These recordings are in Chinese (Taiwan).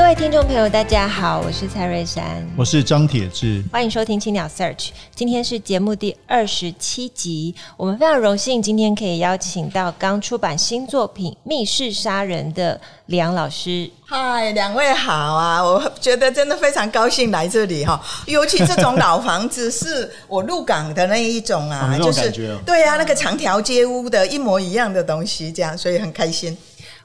各位聽眾朋友，大家好，我是蔡瑞珊，我是張鐵志，歡迎收聽青鳥 Search。今天是節目第二十七集，我們非常榮幸今天可以邀請到剛出版新作品《密室殺人》的李昂老師。嗨，兩位好啊！我覺得真的非常高興來這裡哈，尤其這種老房子是我入港的那一種啊， 就是啊，對啊，那個長條街屋的一模一樣的東西，這樣所以很開心。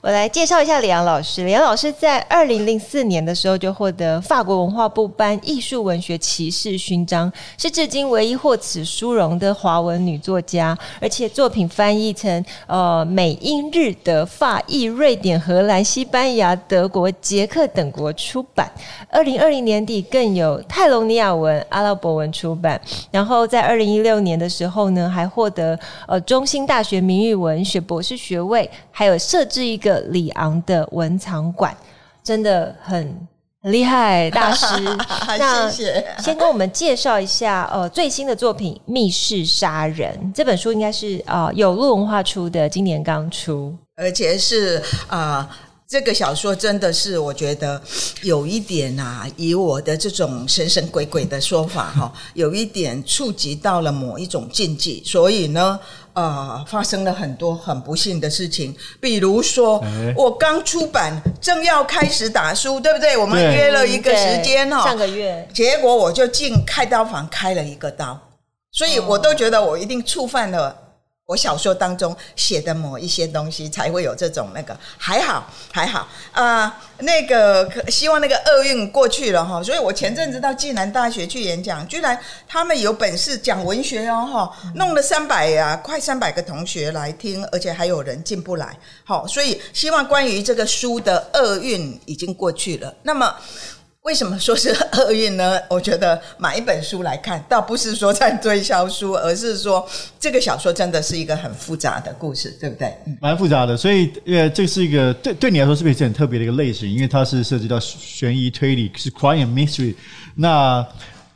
我來介紹一下李昂老師，李昂老師在二零零四年的時候就獲得法國文化部頒藝術文學騎士勳章，是至今唯一獲此殊榮的華文女作家。而且作品翻譯成呃美英日德法意瑞典荷蘭西班牙德國捷克等國出版。二零二零年底更有泰隆尼亞文阿拉伯文出版。然後在二零一六年的時候呢，還獲得呃中興大學名譽文學博士學位，還有設置一個。李昂的文藏館真的很厲害，大師。那先跟我們介紹一下、呃、最新的作品《密室殺人》這本書，應該是、呃、有鹿文化出的，今年剛出，而且是、呃、這個小說真的是我覺得有一點啊，以我的這種神神鬼鬼的說法、哦、有一點觸及到了某一種禁忌，所以呢。呃，發生了很多很不幸的事情，比如說我剛出版，正要開始打書，對不對？我們約了一個時間哦，嗯，對，上個月，結果我就進開刀房開了一個刀，所以我都覺得我一定觸犯了。我小說當中寫的某一些東西，才會有這種那個還好還好啊，那個希望那個厄運過去了哈。所以我前陣子到暨南大學去演講，居然他們有本事講文學哦哈，弄了三百呀快三百個同學來聽，而且還有人進不來。所以希望關於這個書的厄運已經過去了。那麼。為什麼說是厄運呢？我覺得買一本書來看，倒不是說在推銷書，而是說這個小說真的是一個很複雜的故事，對不對？蠻、嗯、複雜的，所以呃，這是一個對對你來說是不是很特別的一個類型？因為它是涉及到懸疑推理，是 crime mystery，那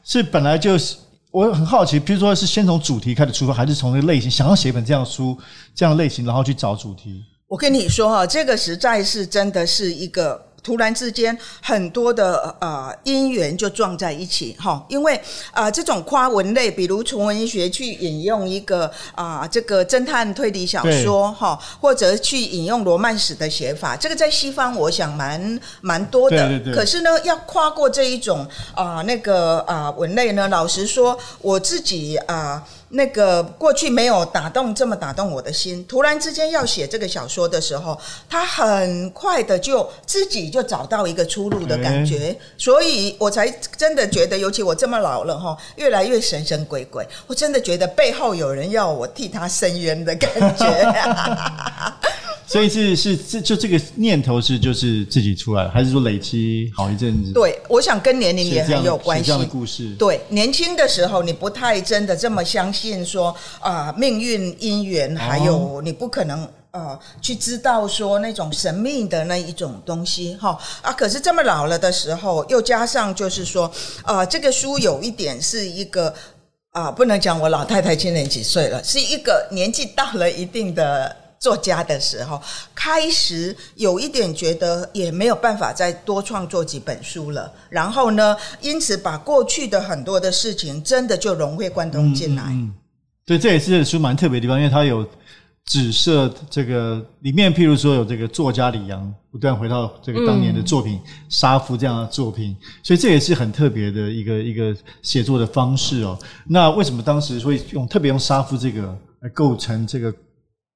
是本來就是我很好奇，譬如說是先從主題開始出發，還是從那個類型想要寫一本這樣書，這樣的類型，然後去找主題？我跟你說哈、啊，這個實在是真的是一個。突然之間，很多的呃因緣就撞在一起哈，因為啊這種跨文類，比如純文學去引用一個啊這個偵探推理小說哈，或者去引用羅曼史的寫法，這個在西方我想蠻蠻多的。可是呢，要跨過這一種啊那個啊文類呢，老實說我自己啊。那個過去沒有打動這麼打動我的心，突然之間要寫這個小說的時候，他很快的就自己就找到一個出路的感覺，所以我才真的覺得，尤其我這麼老了哈，越來越神神鬼鬼，我真的覺得背後有人要我替他伸冤的感覺。 所以是是這就這個念頭是就是自己出來了，還是說累積好一陣子？對，我想跟年齡也很有關係。這樣的故事，對，年輕的時候你不太真的這麼相信說啊、呃，命運、姻緣，還有你不可能呃去知道說那種神秘的那一種東西哈啊。可是這麼老了的時候，又加上就是說啊、呃，這個書有一點是一個啊、呃，不能講我老太太今年幾歲了，是一個年紀到了一定的作家的時候，開始有一點覺得也沒有辦法再多創作幾本書了。然後呢，因此把過去的很多的事情，真的就融會貫通進來、嗯。對，這也是書蠻特別的地方，因為它有指涉這個裡面，譬如說有這個作家李昂不斷回到這個當年的作品嗯、《殺夫》這樣的作品，所以這也是很特別的一個一個寫作的方式哦。那為什麼當時會用特別用《殺夫》這個來構成這個？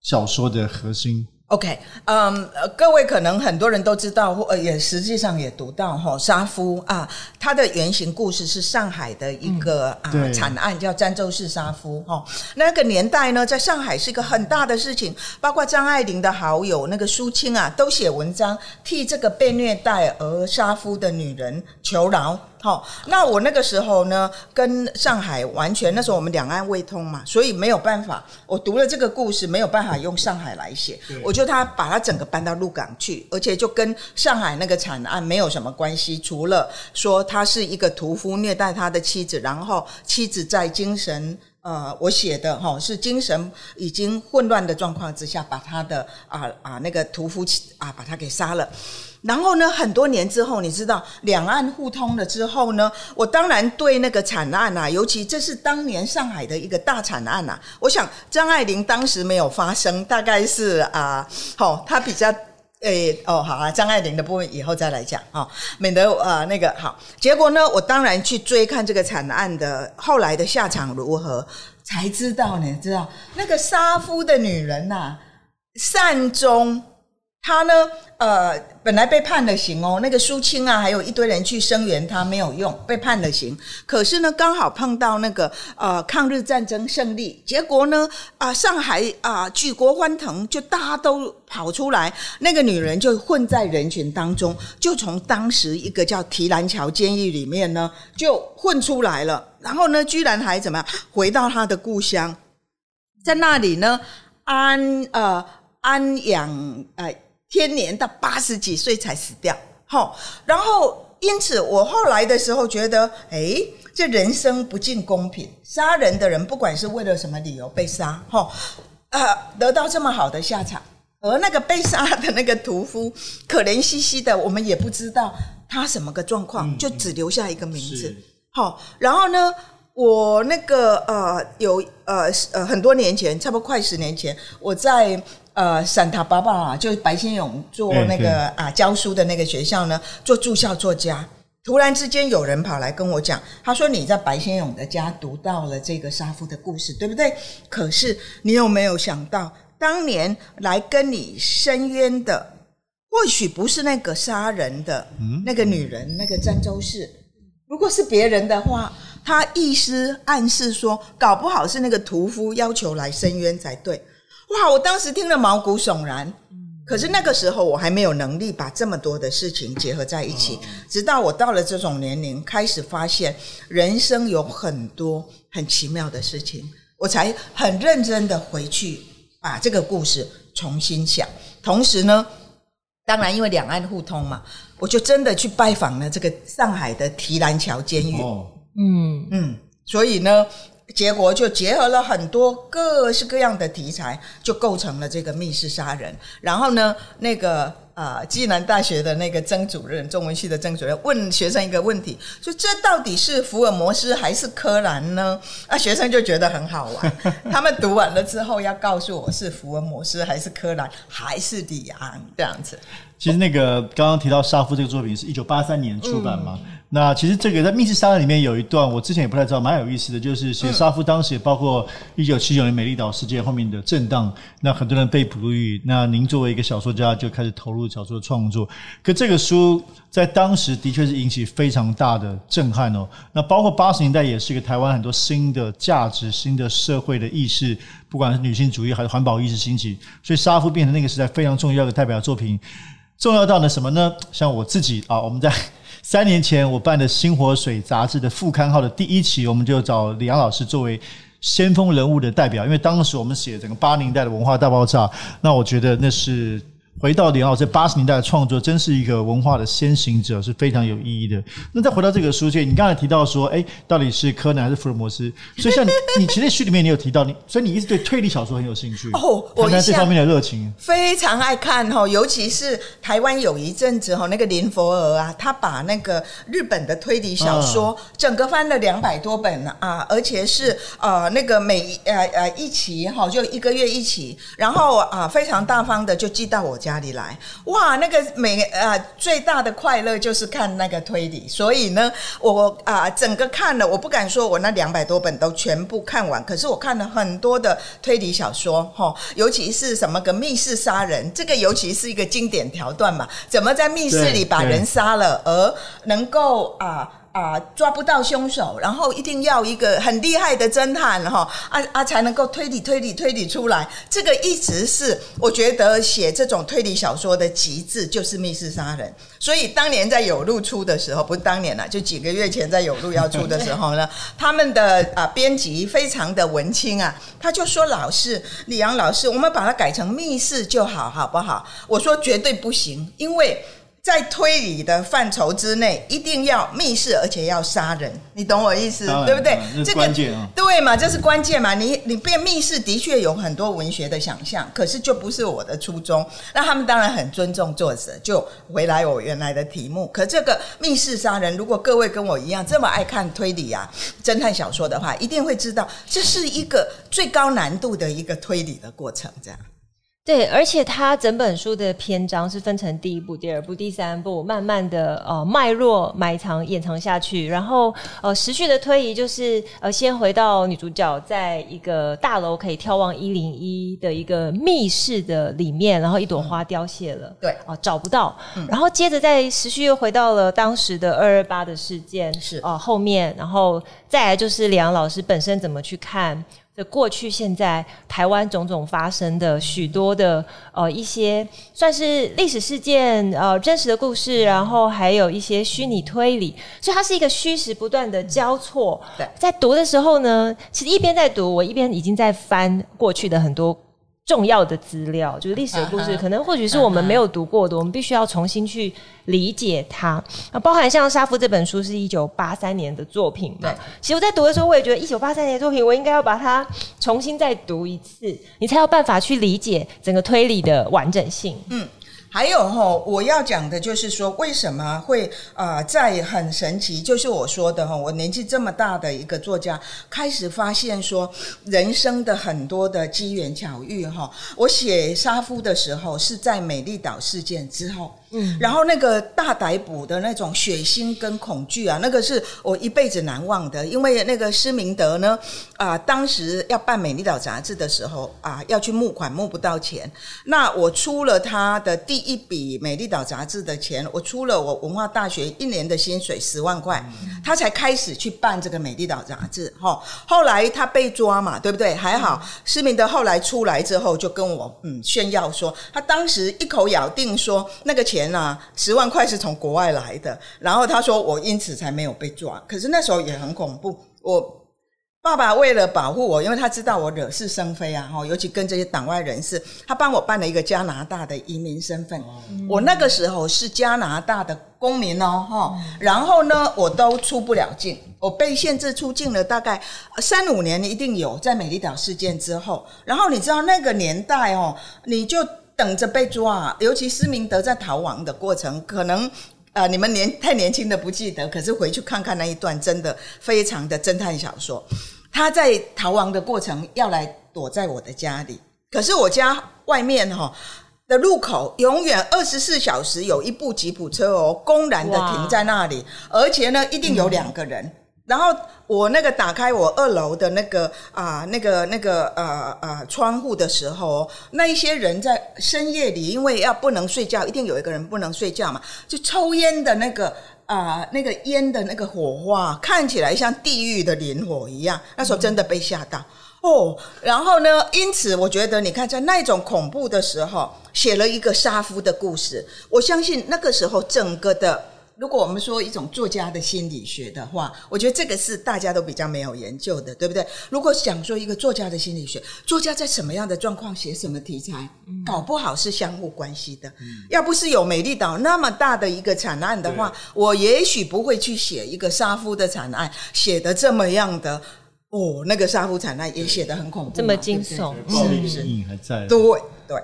小說的核心。OK，嗯、um,，各位可能很多人都知道，或也實際上也讀到哈殺夫啊，它的原型故事是上海的一個、嗯、啊慘案，叫詹周氏殺夫哈、哦。那個年代呢，在上海是一個很大的事情，包括張愛玲的好友那個蘇青啊，都寫文章替這個被虐待而殺夫的女人求饒。好、哦，那我那個時候呢，跟上海完全那時候我們兩岸未通嘛，所以沒有辦法。我讀了這個故事，沒有辦法用上海來寫。對我就他把他整個搬到鹿港去，而且就跟上海那個慘案沒有什麼關係，除了說他是一個屠夫虐待他的妻子，然後妻子在精神呃，我寫的哈、哦、是精神已經混亂的狀況之下，把他的啊啊那個屠夫啊把他給殺了。然後呢，很多年之後，你知道兩岸互通了之後呢，我當然對那個慘案啊，尤其這是當年上海的一個大慘案啊。我想張愛玲當時沒有發聲，大概是啊，好、哦，她比較誒、欸，哦，好啊，張愛玲的部分以後再來講啊、哦，免得呃、啊、那個好。結果呢，我當然去追看這個慘案的後來的下場如何，才知道呢，你知道那個殺夫的女人吶、啊，善終。他呢，呃，本來被判了刑哦、喔，那個蘇青啊，還有一堆人去聲援他，沒有用，被判了刑。可是呢，剛好碰到那個呃抗日戰爭勝利，結果呢，啊、呃、上海啊，呃，舉國歡騰，就大家都跑出來，那個女人就混在人群當中，就從當時一個叫提籃橋監獄裡面呢就混出來了。然後呢，居然還怎麼樣，回到她的故鄉，在那裡呢安呃安養呃天年到八十幾歲才死掉，吼，然後因此我後來的時候覺得，哎，這人生不盡公平。殺人的人不管是為了什麼理由被殺，吼，呃，得到這麼好的下場，而那個被殺的那個屠夫可憐兮兮的，我們也不知道他什麼個狀況，嗯、就只留下一個名字，吼是。然後呢，我那個呃有呃呃很多年前，差不多快十年前，我在。呃，聖塔芭芭拉就是白先勇做那個、嗯、啊教書的那個學校呢，做住校作家。突然之間有人跑來跟我講，他說你在白先勇的家讀到了這個殺夫的故事，對不對？可是你有沒有想到，當年來跟你申冤的，或許不是那個殺人的、嗯、那個女人，那個詹周氏。如果是別人的話，他意思暗示說，搞不好是那個屠夫要求來申冤才對。哇！我當時聽了毛骨悚然，可是那個時候我還沒有能力把這麼多的事情結合在一起。直到我到了這種年齡，開始發現人生有很多很奇妙的事情，我才很認真的回去把這個故事重新想。同時呢，當然因為兩岸互通嘛，我就真的去拜訪了這個上海的提籃橋監獄。嗯嗯，所以呢。結果就結合了很多各式各樣的題材，就構成了這個密室殺人。然後呢，那個呃，暨南大學的那個曾主任，中文系的曾主任，問學生一個問題：說這到底是福爾摩斯還是柯南呢？啊，學生就覺得很好玩。 他們讀完了之後要告訴我是福爾摩斯還是柯南，還是李昂這樣子。其實那個剛剛提到殺夫這個作品是一九八三年出版嗎？嗯那其實這個在《密室殺人》裡面有一段，我之前也不太知道，蠻有意思的。就是寫殺夫當時也包括一九七九年美麗島事件後面的震盪，那很多人被捕入獄。那您作為一個小說家，就開始投入小說的創作。可這個書在當時的確是引起非常大的震撼哦。那包括八十年代也是一個台灣很多新的價值、新的社會的意識，不管是女性主義還是環保意識興起，所以殺夫變成那個時代非常重要的代表作品。重要到了什麼呢？像我自己啊，我們在。三年前，我辦的《新活水》雜誌的復刊號的第一期，我們就找李昂老師作為先鋒人物的代表，因為當時我們寫整個八零年代的文化大爆炸，那我覺得那是。回到你奧這八十年代的創作，真是一個文化的先行者，是非常有意義的。那再回到這個書界，你剛才提到說，哎、欸，到底是柯南還是福爾摩斯？所以像你，像 你其實在書裡面你有提到，你所以你一直對推理小說很有興趣哦，我在這方面的熱情非常愛看哦，尤其是台灣有一陣子哈，那個林佛兒啊，他把那個日本的推理小說、啊、整個翻了兩百多本啊，而且是呃、啊、那個每呃呃、啊、一期哈，就一個月一期，然後啊非常大方的就寄到我。家裡來哇，那個每啊最大的快樂就是看那個推理，所以呢，我啊整個看了，我不敢說我那兩百多本都全部看完，可是我看了很多的推理小說吼，尤其是什麼個密室殺人，這個尤其是一個經典橋段嘛，怎麼在密室裡把人殺了而能夠啊。啊，抓不到兇手，然後一定要一個很厲害的偵探，哈、啊，啊啊才能夠推理推理推理出來。這個一直是我覺得寫這種推理小說的極致，就是密室殺人。所以當年在有路出的時候，不是當年了，就幾個月前在有路要出的時候呢，對他們的啊編輯非常的文青啊，他就說，老師李昂老師，我們把它改成密室就好，好不好？我說絕對不行，因為。在推理的範疇之內，一定要密室，而且要殺人，你懂我意思，當然，對不對？這個、哦、對嘛？這是關鍵嘛？你你變密室的確有很多文學的想象，可是就不是我的初衷。那他們當然很尊重作者，就回來我原來的題目。可這個密室殺人，如果各位跟我一樣這麼愛看推理啊、偵探小說的話，一定會知道這是一個最高難度的一個推理的過程，這樣。對，而且它整本書的篇章是分成第一部、第二部、第三部，慢慢的呃脈絡埋藏、掩藏下去，然後呃時序的推移，就是呃先回到女主角在一個大樓可以眺望一零一的一個密室的裡面，然後一朵花凋謝了，對、嗯，啊找不到，嗯、然後接着再時序又回到了當時的二二八的事件，是哦、啊，後面，然後再來就是李昂老師本身怎麼去看。過去、現在，台灣種種發生的許多的呃一些，算是歷史事件呃真實的故事，然後還有一些虛擬推理，所以它是一個虛實不斷的交錯。在讀的時候呢，其實一邊在讀，我一邊已經在翻過去的很多重要的資料，就是歷史的故事，可能或許是我們沒有讀過的，我們必須要重新去理解它。那、啊、包含像殺夫這本書，是一九八三年的作品嘛？其實我在讀的時候，我也覺得一九八三年的作品，我應該要把它重新再讀一次，你才有辦法去理解整個推理的完整性。嗯。還有哈，我要講的就是說，為什麼會啊，在很神奇，就是我說的哈，我年紀這麼大的一個作家，開始發現說人生的很多的機緣巧遇哈。我寫《殺夫》的時候是在美麗島事件之後。嗯，然後那個大逮捕的那種血腥跟恐懼啊，那個是我一輩子難忘的。因為那個施明德呢，啊、呃，當時要辦《美麗島》雜誌的時候啊、呃，要去募款，募不到錢。那我出了他的第一筆《美麗島》雜誌的錢，我出了我文化大學一年的薪水十萬塊，他才開始去辦這個《美麗島》雜誌。齁，後來他被抓嘛，對不對？還好，施明德後來出來之後，就跟我嗯炫耀說，他當時一口咬定說那個錢。錢啊，十萬塊是從國外來的。然後他說我因此才沒有被抓，可是那時候也很恐怖。我爸爸為了保護我，因為他知道我惹是生非啊，哈，尤其跟這些黨外人士，他幫我辦了一個加拿大的移民身份。我那個時候是加拿大的公民哦，然後呢，我都出不了境，我被限制出境了，大概三五年一定有，在美麗島事件之後。然後你知道那個年代哦，你就等着被抓，尤其施明德在逃亡的過程，可能呃你們年太年輕的不記得，可是回去看看那一段，真的非常的偵探小說。他在逃亡的過程要來躲在我的家裡，可是我家外面哈的路口永遠二十四小時有一部吉普車哦，公然的停在那裡，哇而且呢一定有兩個人。嗯然後我那個打開我二樓的那個啊、呃、那個那個呃呃窗戶的時候，那一些人在深夜裡，因為要不能睡覺，一定有一個人不能睡覺嘛，就抽菸的那個啊、呃、那個菸的那個火花，看起來像地獄的靈火一樣。那時候真的被嚇到、嗯、哦。然後呢，因此我覺得，你看在那種恐怖的時候，寫了一個殺夫的故事。我相信那個時候整個的。如果我們說一種作家的心理學的話，我覺得這個是大家都比較沒有研究的，對不對？如果想說一個作家的心理學，作家在什麼樣的狀況寫什麼題材，搞不好是相互關係的。嗯、要不是有美麗島那麼大的一個慘案的話，對我也許不會去寫一個殺夫的慘案，寫得這麼樣的。哦，那個殺夫慘案也寫得很恐怖，這麼驚悚，是不是？影還在對，對對。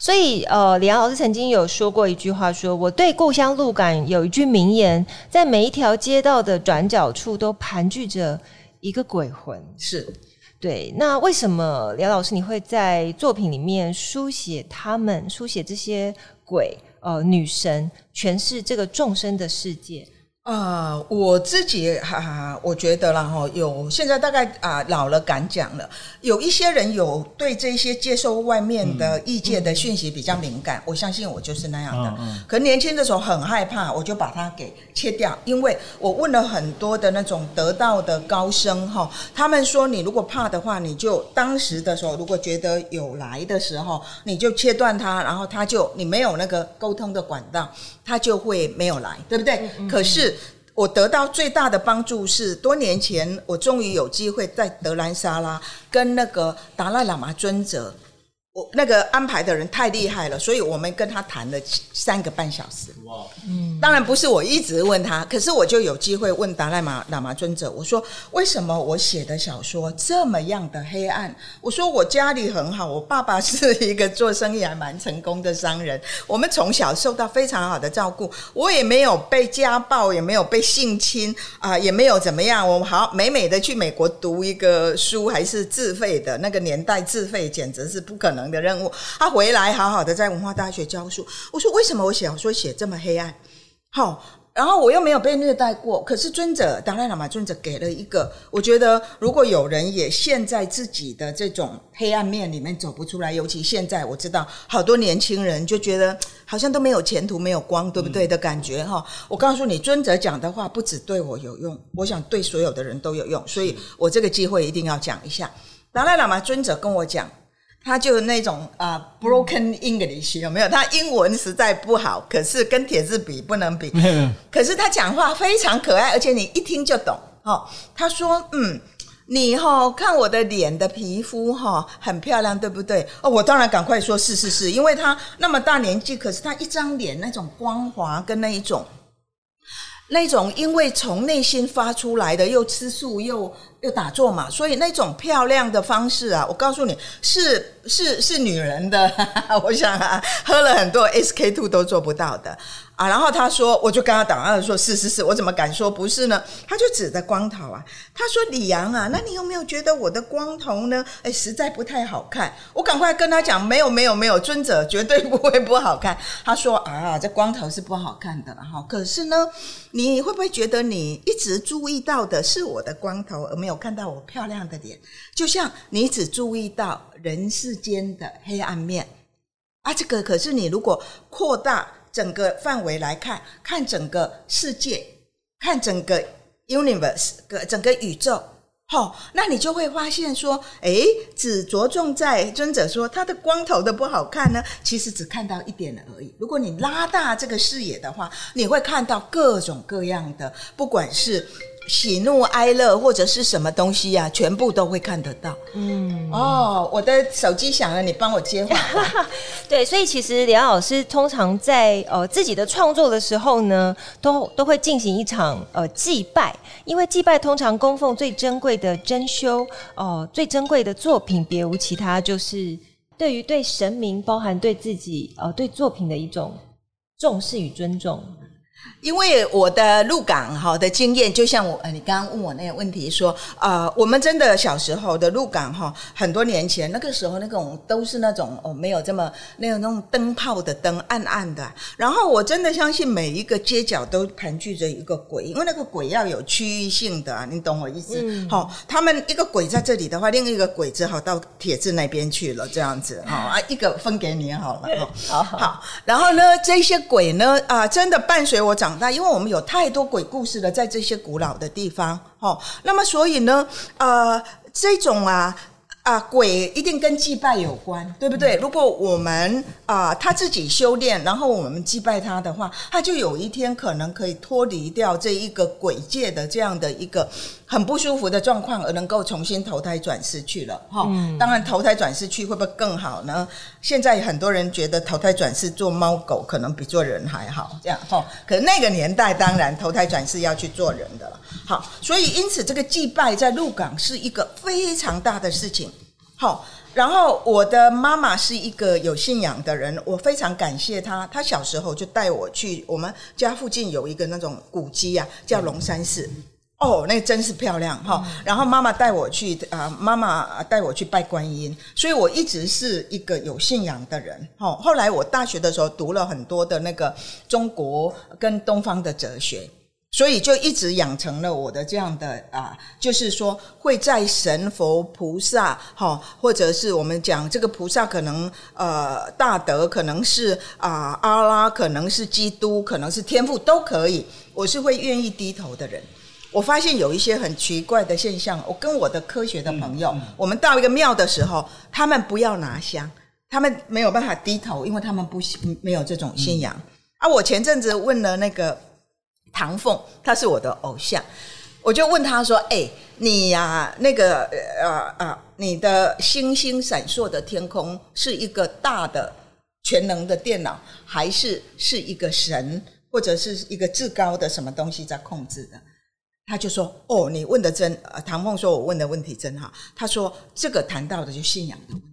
所以，呃，李昂老師曾經有說過一句話說，說我對故鄉鹿港有一句名言，在每一條街道的轉角處都盤踞着一個鬼魂。是對。那為什麼李昂老師你會在作品裡面書寫他們，書寫這些鬼？呃，女神詮釋這個眾生的世界。呃，我自己哈、啊，我覺得了哈，有現在大概啊老了敢講了，有一些人有對這些接受外面的意見的訊息比較敏感，嗯嗯、我相信我就是那樣的。嗯嗯、可年輕的時候很害怕，我就把它給切掉，因為我問了很多的那種得道的高僧哈，他們說你如果怕的話，你就當時的時候如果覺得有來的時候，你就切斷它，然後他就你沒有那個溝通的管道。他就會沒有來，對不對？嗯嗯嗯，可是我得到最大的幫助是，多年前我終於有機會在德蘭沙拉跟那個達賴喇嘛尊者。那個安排的人太厲害了，所以我們跟他談了三個半小時。哇，嗯，當然不是我一直問他，可是我就有機會問達賴瑪喇嘛尊者，我說為什麼我寫的小說這麼樣的黑暗？我說我家裡很好，我爸爸是一個做生意還蠻成功的商人，我們從小受到非常好的照顧，我也沒有被家暴，也沒有被性侵啊、呃，也沒有怎麼樣，我好美美的去美國讀一個書，還是自費的，那個年代自費簡直是不可能。的任務，他回來好好的在文化大學教書。我說：“為什麼我寫小說寫這麼黑暗？”好、哦，然後我又沒有被虐待過，可是尊者，達賴喇嘛尊者給了一個，我覺得如果有人也陷在自己的這種黑暗面裡面走不出來，尤其現在我知道好多年輕人就覺得好像都沒有前途、沒有光，對不對的感覺？哈、嗯，我告訴你，尊者講的話不只對我有用，我想對所有的人都有用，嗯、所以我這個機會一定要講一下。達賴喇嘛尊者跟我講。他就那種啊，broken English 有沒有？他英文實在不好，可是跟帖子比不能比。有可是他講話非常可愛，而且你一聽就懂。哦，他說：“嗯，你哈、哦、看我的臉的皮膚哈、哦、很漂亮，對不對？”哦，我當然趕快說是是是，因為他那麼大年紀，可是他一張臉那種光滑跟那一種。那種因為從內心發出來的，又吃素又又打坐嘛，所以那種漂亮的方式啊，我告訴你，是是是女人的，哈哈，我想啊，喝了很多 SK-II 都做不到的。啊，然後他說，我就跟他打了，說，是是是，我怎麼敢說不是呢？他就指着光頭啊，他說：“李昂啊，嗯、那你有沒有覺得我的光頭呢？哎，實在不太好看。”我趕快跟他講：“沒有沒有沒有，尊者絕對不會不好看。”他說：“啊，這光頭是不好看的。”然後，可是呢，你會不會覺得你一直注意到的是我的光頭，而沒有看到我漂亮的臉？就像你只注意到人世間的黑暗面啊，這個可是你如果擴大整個範圍來看，看整個世界，看整個 universe，個整個宇宙，好、哦，那你就會發現說，誒只着重在尊者說他的光頭的不好看呢，其實只看到一點而已。如果你拉大這個視野的話，你會看到各種各樣的，不管是喜怒哀樂或者是什麼東西呀、啊，全部都會看得到。嗯，哦，我的手機響了，你幫我接話。 對，所以其實李昂老師，通常在呃自己的創作的時候呢，都都會進行一場呃祭拜，因為祭拜，通常供奉最珍貴的珍饈，哦、呃，最珍貴的作品，別無其他，就是對於對神明，包含對自己，呃，對作品的一種重視與尊重。因為我的鹿港哈的經驗，就像我呃，你剛剛問我那個問題說，呃，我們真的小時候的鹿港哈，很多年前那個時候那種都是那種哦，沒有這麼那種那種燈泡的燈暗暗的。然後我真的相信每一個街角都盤踞着一個鬼，因為那個鬼要有區域性的，你懂我意思？嗯。他們一個鬼在這裡的話，另一個鬼只好到鐵質那邊去了，這樣子啊，一個分給你好了。好、嗯、好，好然後呢，這些鬼呢啊、呃，真的伴隨我。我長大，因為我們有太多鬼故事了，在這些古老的地方，吼、哦。那麼，所以呢，呃，這種啊。啊，鬼一定跟祭拜有關，對不對？如果我們啊他自己修煉，然後我們祭拜他的話，他就有一天可能可以脫離掉這一個鬼界的這樣的一個很不舒服的狀況，而能夠重新投胎轉世去了。哈、哦，當然投胎轉世去會不會更好呢？現在很多人覺得投胎轉世做貓狗可能比做人還好，這樣哈、哦。可那個年代當然投胎轉世要去做人的了。好、哦，所以因此這個祭拜在鹿港是一個非常大的事情。好，然後我的媽媽是一個有信仰的人，我非常感謝她。她小時候就帶我去，我們家附近有一個那種古蹟啊，叫龍山寺。哦，那真是漂亮哈。嗯。然後媽媽帶我去啊，媽媽帶我去拜觀音，所以我一直是一個有信仰的人。好，後來我大學的時候讀了很多的那個中國跟東方的哲學。所以就一直養成了我的這樣的啊，就是說會在神佛菩薩哈，或者是我們講這個菩薩可能呃大德，可能是啊，阿拉可能是基督，可能是天父都可以，我是會願意低頭的人。我發現有一些很奇怪的現象，我跟我的科學的朋友，我們到一個廟的時候，他們不要拿香，他們沒有辦法低頭，因為他們不沒有這種信仰。啊，我前陣子問了那個。唐鳳，他是我的偶像，我就問他說：“哎、欸，你呀、啊，那個呃呃、啊啊，你的星星閃爍的天空是一個大的全能的電腦，還是是一個神，或者是一個至高的什麼東西在控制的？”他就說：“哦，你問的真。”唐鳳說：“我問的問題真好。”他說：“這個談到的就是信仰的問題，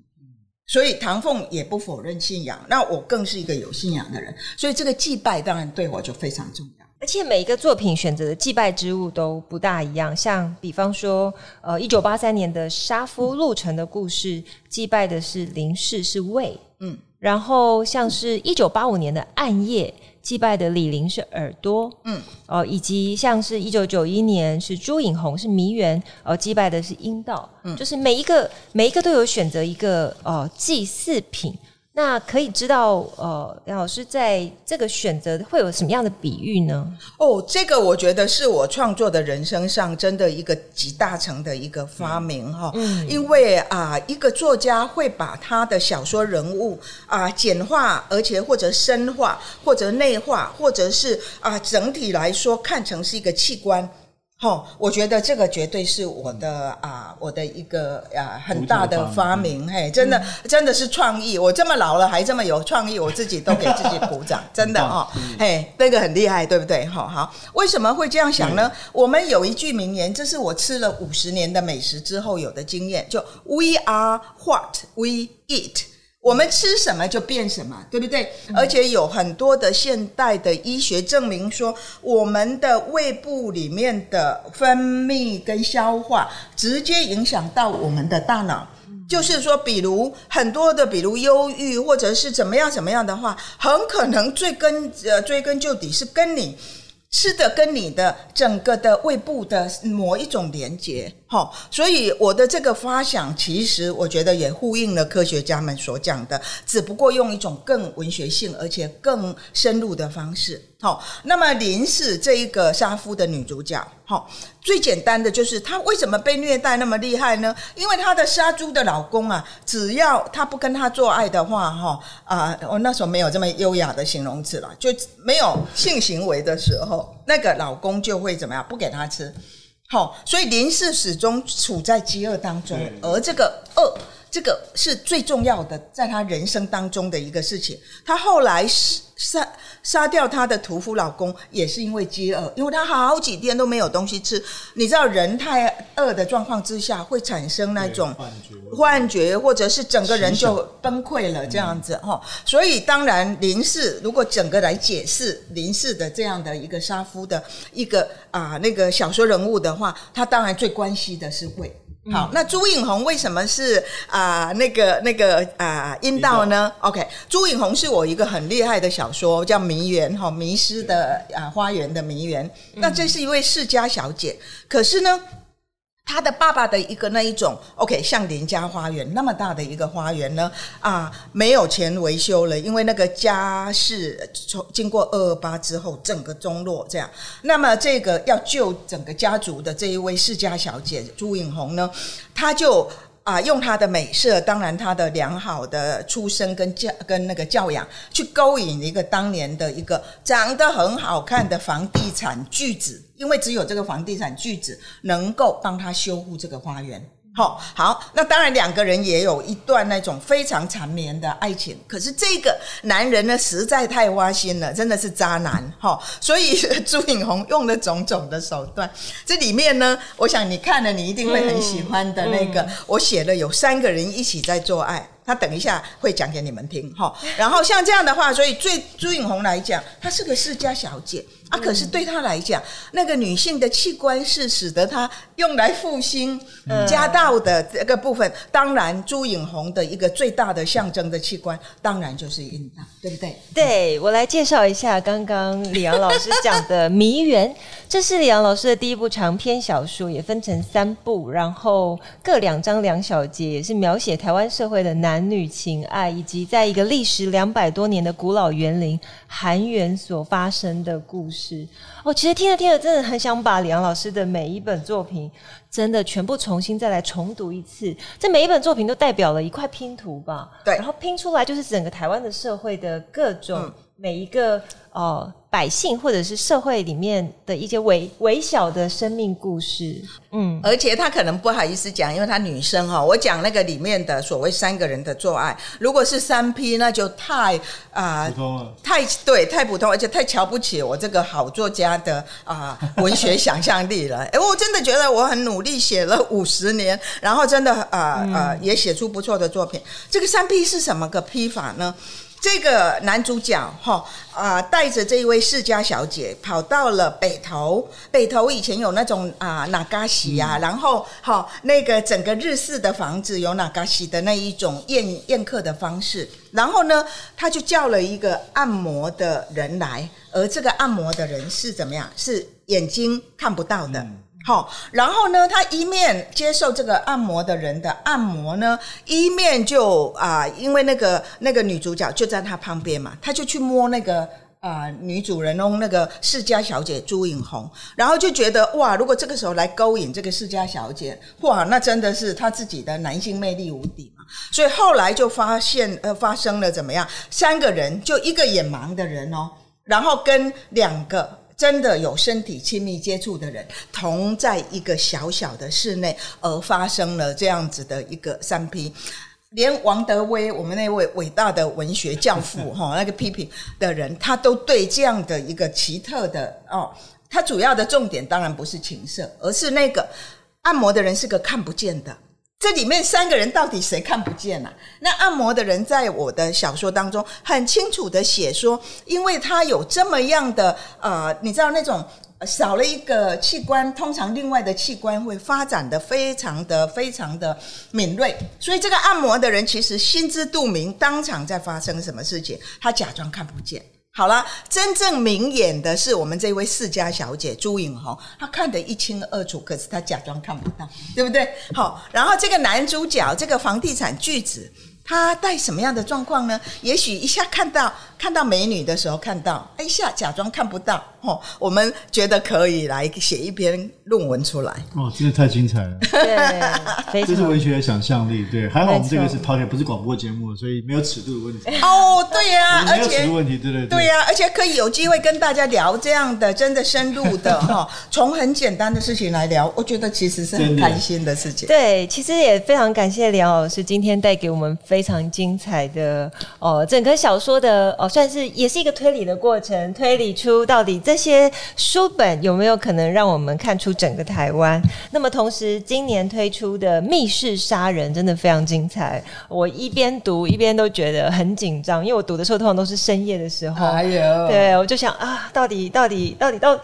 所以唐鳳也不否認信仰。那我更是一個有信仰的人，所以這個祭拜當然對我就非常重要。”而且每一個作品選擇的祭拜之物都不大一樣，像比方說，呃，一九八三年的《殺夫鹿城》的故事，嗯、祭拜的是林氏是胃，嗯，然後像是一九八五年的《暗夜》，祭拜的李林是耳朵，嗯，哦、呃，以及像是一九九一年是朱影紅是迷園，哦、呃，祭拜的是陰道，嗯，就是每一個每一個都有選擇一個哦、呃、祭祀品。那可以知道，呃，李昂老師在這個選擇會有什麼樣的比喻呢？哦，這個我覺得是我創作的人生上真的一個集大成的一個發明哈。嗯、因為啊、呃，一個作家會把他的小說人物啊、呃、簡化，而且或者深化，或者內化，或者是啊、呃、整體來說看成是一個器官。好，我覺得這個絕對是我的啊，我的一個啊很大的發明，嘿，真的真的是創意。我這麼老了還這麼有創意，我自己都給自己鼓掌，真的哦，嘿，那個很厲害，對不對？齁，好，為什麼會這樣想呢？我們有一句名言，這是我吃了五十年的美食之後有的經驗，就 We are what we eat。我們吃什麼就變什麼，對不對？嗯、而且有很多的現代的醫學證明說，我們的胃部裡面的分泌跟消化直接影響到我們的大腦。就是說，比如很多的，比如憂鬱或者是怎麼樣怎麼樣的話，很可能最根呃追根究底是跟你吃的跟你的整個的胃部的某一種連接。好，所以我的這個發想，其實我覺得也呼應了科學家們所講的，只不過用一種更文學性而且更深入的方式。好，那麼林市這一個殺夫的女主角，好，最簡單的就是她為什麼被虐待那麼厲害呢？因為她的殺豬的老公啊，只要她不跟他做愛的話，哈啊，我那時候沒有這麼優雅的形容詞了，就沒有性行為的時候，那個老公就會怎麼樣，不給她吃。好，所以人是始終處在飢餓當中，對而這個餓。這個是最重要的，在他人生當中的一個事情。他後來殺殺掉他的屠夫老公，也是因為飢餓，因為他好幾天都沒有東西吃。你知道，人太餓的狀況之下，會產生那種幻覺，幻覺，或者是整個人就崩潰了這樣子哈。所以，當然林市如果整個來解釋林市的這樣的一個殺夫的一個啊那個小說人物的話，他當然最關心的是胃。好，嗯、那朱影紅為什麼是啊、呃、那個那個啊陰、呃、道呢道？OK，朱影紅是我一個很厲害的小說，叫《迷園》哈、哦，迷失的對啊花園的迷園。嗯、那這是一位世家小姐，可是呢。他的爸爸的一個那一種，OK，像林家花園那麼大的一個花園呢，啊，沒有錢維修了，因為那個家是從經過二二八之後整個中落這樣。那麼這個要救整個家族的這一位世家小姐朱影紅呢，她就啊用她的美色，當然她的良好的出身跟教跟那個教養，去勾引一個當年的一個長得很好看的房地產巨子。因為只有這個房地產巨子能夠幫他修護這個花園，好，好，那當然兩個人也有一段那種非常纏綿的愛情。可是這個男人呢，實在太花心了，真的是渣男哈。所以朱影紅用了種種的手段，這裡面呢，我想你看了你一定會很喜歡的那個，嗯嗯、我寫了有三個人一起在做愛。他等一下會講給你們聽哈，然後像這樣的話，所以最朱穎紅來講，她是個世家小姐啊。可是對她來講，嗯、那個女性的器官是使得她用來復興家道的這個部分。嗯、當然，朱穎紅的一個最大的象徵的器官，嗯、當然就是陰道，對不對？對，我來介紹一下剛剛李昂老師講的迷《迷園》，這是李昂老師的第一部長篇小說，也分成三部，然後各兩章兩小節，也是描寫台灣社會的男男女情愛，以及在一個歷時兩百多年的古老園林菡園所發生的故事。哦，其實聽着聽着，真的很想把李昂老師的每一本作品，真的全部重新再來重讀一次。這每一本作品都代表了一塊拼圖吧？對，然後拼出來就是整個台灣的社會的各種、嗯、每一個。哦，百姓或者是社會裡面的一些微微小的生命故事，嗯，而且他可能不好意思講，因為他女生哦，我講那個裡面的所謂三個人的做愛，如果是三 P，那就太啊、呃、太對太普通，而且太瞧不起我這個好作家的啊、呃、文學想象力了。哎、 欸，我真的覺得我很努力寫了五十年，然後真的啊啊、呃嗯呃、也寫出不錯的作品。這個三 P 是什麼個批法呢？這個男主角哈啊、呃、帶。帶着這一位世家小姐跑到了北投，北投以前有那種啊那卡西啊，嗯、然後好、哦、那個整個日式的房子有那卡西的那一種宴宴客的方式，然後呢，他就叫了一個按摩的人來，而這個按摩的人是怎麼樣？是眼睛看不到的。好、哦，然後呢，他一面接受這個按摩的人的按摩呢，一面就啊、呃，因為那個那個女主角就在他旁邊嘛，他就去摸那個。啊、呃，女主人翁那個世家小姐朱影紅，然後就覺得哇，如果這個時候來勾引這個世家小姐，哇，那真的是她自己的男性魅力無敵嘛。所以後來就發現，呃，發生了怎麼樣？三個人就一個眼盲的人哦，然後跟兩個真的有身體親密接觸的人同在一個小小的室內，而發生了這樣子的一個三 P。連王德威我們那位偉大的文學教父哈，那個批評的人，他都對這樣的一個奇特的哦，他主要的重點當然不是情色，而是那個按摩的人是個看不見的。這裡面三個人到底誰看不見啊？那按摩的人在我的小說當中很清楚地寫說，因為他有這麼樣的呃，你知道那種。少了一個器官，通常另外的器官會發展得非常的非常的敏銳，所以這個按摩的人其實心知肚明，當場在發生什麼事情，他假裝看不見。好了，真正明眼的是我們這位世家小姐朱影紅，她看得一清二楚，可是她假裝看不到，對不對？好，然後這個男主角，這個房地產巨子，他帶什麼樣的狀況呢？也許一下看到看到美女的時候，看到哎，一下假裝看不到。我們覺得可以來寫一篇論文出來。哦，真的太精彩了！ 對，這是文學的想象力。對，還好我們這個是 Podcast，不是廣播節目，所以沒有尺度的問題。 哦，對呀、啊，而且。問題，對不對,對？對呀、啊，而且可以有機會跟大家聊這樣的，真的深入的哈， 從很簡單的事情來聊，我覺得其實是很開心的事情。對,對,對，其實也非常感謝李昂老師今天帶給我們非常精彩的哦，整個小說的哦，算是也是一個推理的過程，推理出到底真。這些書本有沒有可能讓我們看出整個臺灣？那麼同時，今年推出的《密室殺人》真的非常精彩，我一邊讀一邊都覺得很緊張，因為我讀的時候通常都是深夜的時候，對，我就想啊，到底到底到底到底。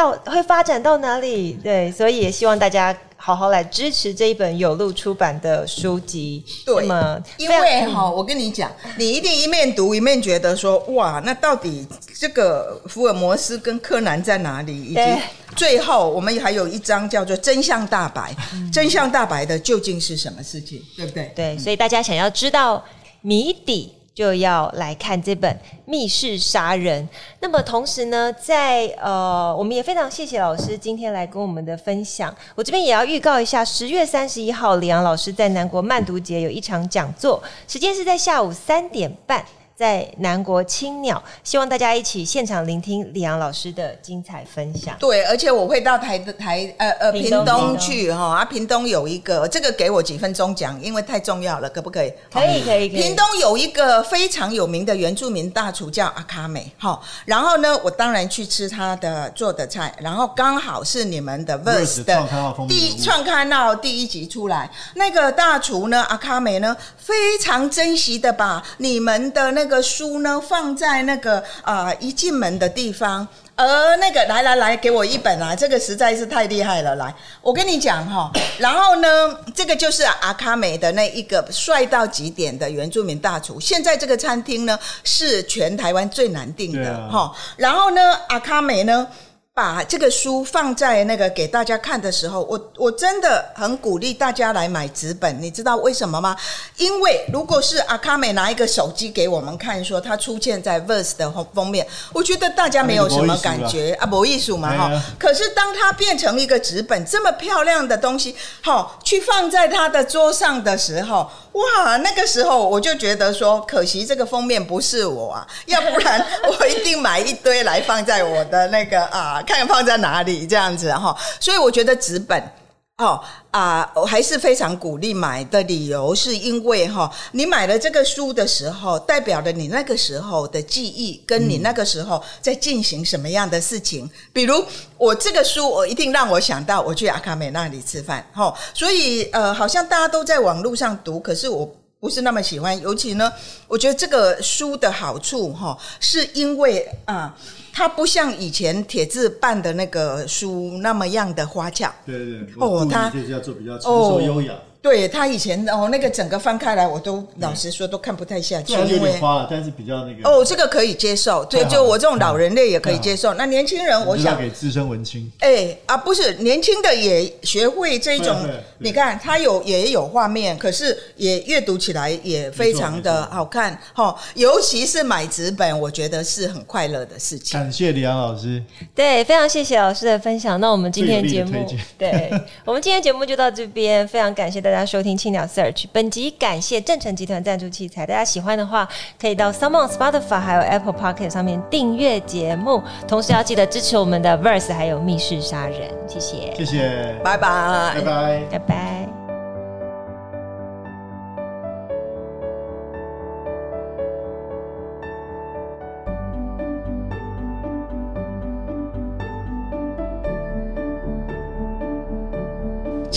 到會發展到哪裡？對，所以也希望大家好好來支持這一本有路出版的書籍。對嗎？麼因為哈，我跟你講，你一定一面讀一面覺得說，哇，那到底這個福爾摩斯跟柯南在哪裡？以及最後，我們還有一章叫做“真相大白”，真相大白的究竟是什麼事情？對不對？對，所以大家想要知道謎底。就要來看這本《密室殺人》。那麼，同時呢，在呃，我們也非常謝謝老師今天來跟我們的分享。我這邊也要預告一下，十月三十一號，李昂老師在南國漫讀節有一場講座，時間是在下午三點半。在南國青鳥，希望大家一起現場聆聽李昂老師的精彩分享。對，而且我會到台的台呃呃屏東，東，東去哈、哦，啊，屏東有一個這個給我幾分鐘講，因為太重要了，可不可以？可以可以。屏好東有一個非常有名的原住民大廚叫阿卡美，好、哦，然後呢，我當然去吃他的做的菜，然後剛好是你們的 verse 的第一創刊到第一集出來，那個大廚呢，阿卡美呢，非常珍惜的把你們的那個。個書呢放在那個啊、呃、一進門的地方，而、呃、那個來來來給我一本來、啊，這個實在是太厲害了，來我跟你講哈，然後呢這個就是阿卡美的那一個帥到極點的原住民大廚，現在這個餐廳呢是全台灣最難訂的哈、啊，然後呢阿卡美呢。把這個書放在那個給大家看的時候，我我真的很鼓勵大家來買紙本，你知道為什麼嗎？因為如果是阿卡美拿一個手機給我們看說，說他出現在 Verse 的封面，我覺得大家沒有什麼感覺啊，沒意思嘛哈、啊哦。可是當它變成一個紙本，這麼漂亮的東西，好、哦、去放在他的桌上的時候，哇，那個時候我就覺得說，可惜這個封面不是我啊，要不然我一定買一堆來放在我的那個啊。看看放在哪裡這樣子哈，所以我覺得紙本哦啊，我還是非常鼓勵買的理由是因為哈、哦，你買了這個書的時候，代表了你那個時候的記憶，跟你那個時候在進行什麼樣的事情。嗯、比如我這個書，我一定讓我想到我去阿卡美那裡吃飯哈、哦。所以呃，好像大家都在網絡上讀，可是我不是那麼喜歡。尤其呢，我覺得這個書的好處哈、哦，是因為啊。它不像以前鐵製辦的那個書那麼樣的花俏，對對對。哦，它哦，就是要做比較成熟優雅。對他以前哦，那個整個翻開來，我都老實說都看不太下去。雖然有點花，但是比較那個。哦，這個可以接受。對，就我這種老人類也可以接受。那年輕人，我想給資深文青。哎啊，不是年輕的也學會這種。你看，它有也有畫面，可是也閱讀起來也非常的好看哈。尤其是買紙本，我覺得是很快樂的事情。感謝李昂老師，對，非常謝謝老師的分享。那我們今天的節目， 對我們今天節目就到這邊，非常感謝大家收聽《青鳥 Search》本集，感謝正成集團贊助器材。大家喜歡的話，可以到 SoundOn Spotify 還有 Apple Podcast 上面訂閱節目，同時要記得支持我們的 Verse 還有密室殺人。謝謝，謝謝，拜拜 bye，拜拜，拜拜。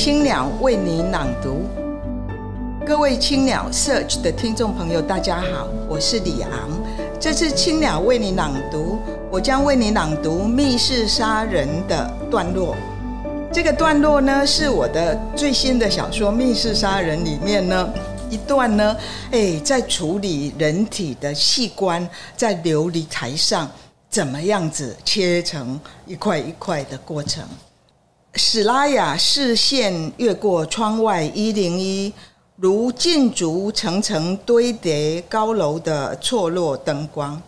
青鳥為你朗讀，各位青鳥 search 的聽眾朋友，大家好，我是李昂。這次青鳥為你朗讀，我將為你朗讀《密室殺人》的段落。這個段落呢，是我的最新的小說《密室殺人》裡面呢一段呢，誒、哎，在處理人體的器官，在琉璃台上怎麼樣子切成一塊一塊的過程。史拉雅視線越過窗外一零一，如建築層層堆疊高樓的錯落燈光，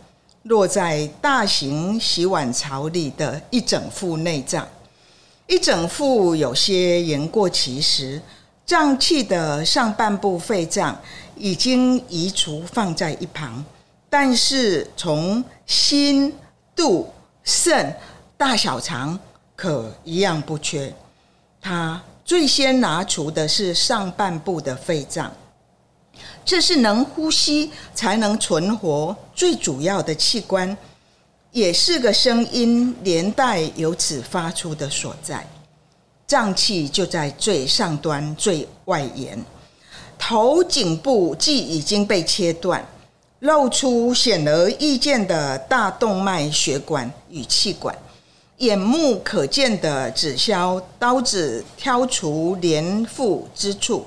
落在大型洗碗槽裡的一整副內臟。一整副有些言過其實，臟器的上半部肺臟已經移除放在一旁，但是從心、肚、腎、大小腸。可一樣不缺。他最先拿出的是上半部的肺臟，這是能呼吸才能存活最主要的器官，也是個聲音連帶由此發出的所在。臟器就在最上端，最外沿。頭頸部既已經被切斷，露出顯而易見的大動脈血管與氣管。眼目可見的，只消刀子挑除連腹之處，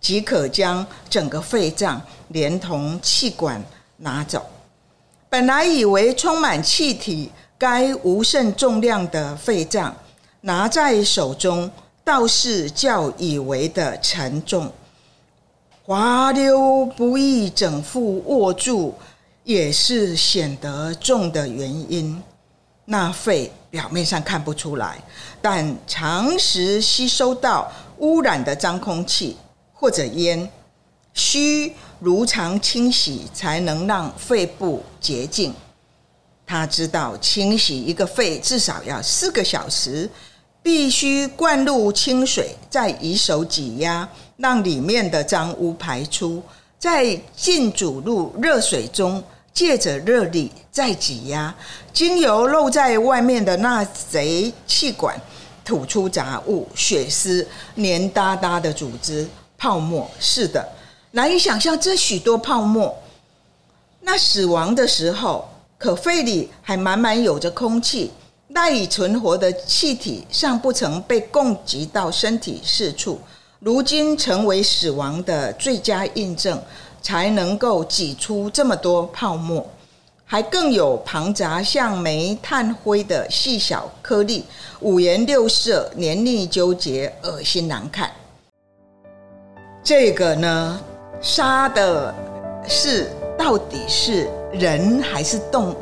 即可將整個肺臟連同氣管拿走。本來以為充滿氣體、該無甚重量的肺臟，拿在手中倒是較以為的沉重，滑溜不易整副握住，也是顯得重的原因。那肺表面上看不出來，但長時吸收到污染的髒空氣或者煙，需如常清洗才能讓肺部潔淨。他知道清洗一個肺至少要四個小時，必須灌入清水，再以手擠壓，讓裡面的髒污排出，再浸煮入熱水中。借着熱力再擠壓，經由露在外面的那賊氣管，吐出雜物、血絲、黏噠噠的組織、泡沫。是的，難以想象這許多泡沫。那死亡的時候，可肺裡還滿滿有着空氣，賴以存活的氣體尚不曾被供給到身體四處，如今成為死亡的最佳印證。才能夠擠出這麼多泡沫，還更有龐雜像煤炭灰的細小顆粒，五顏六色，黏膩糾結，噁心難看。這個呢，殺的是到底是人還是動物？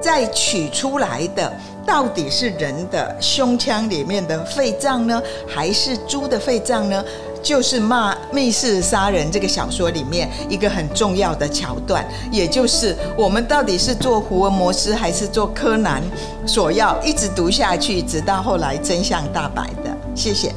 再取出來的到底是人的胸腔裡面的肺臟呢，還是豬的肺臟呢？就是《罵密室殺人》這個小說裡面一個很重要的橋段，也就是我們到底是做福爾摩斯還是做柯南，所要一直讀下去，直到後來真相大白的。謝謝。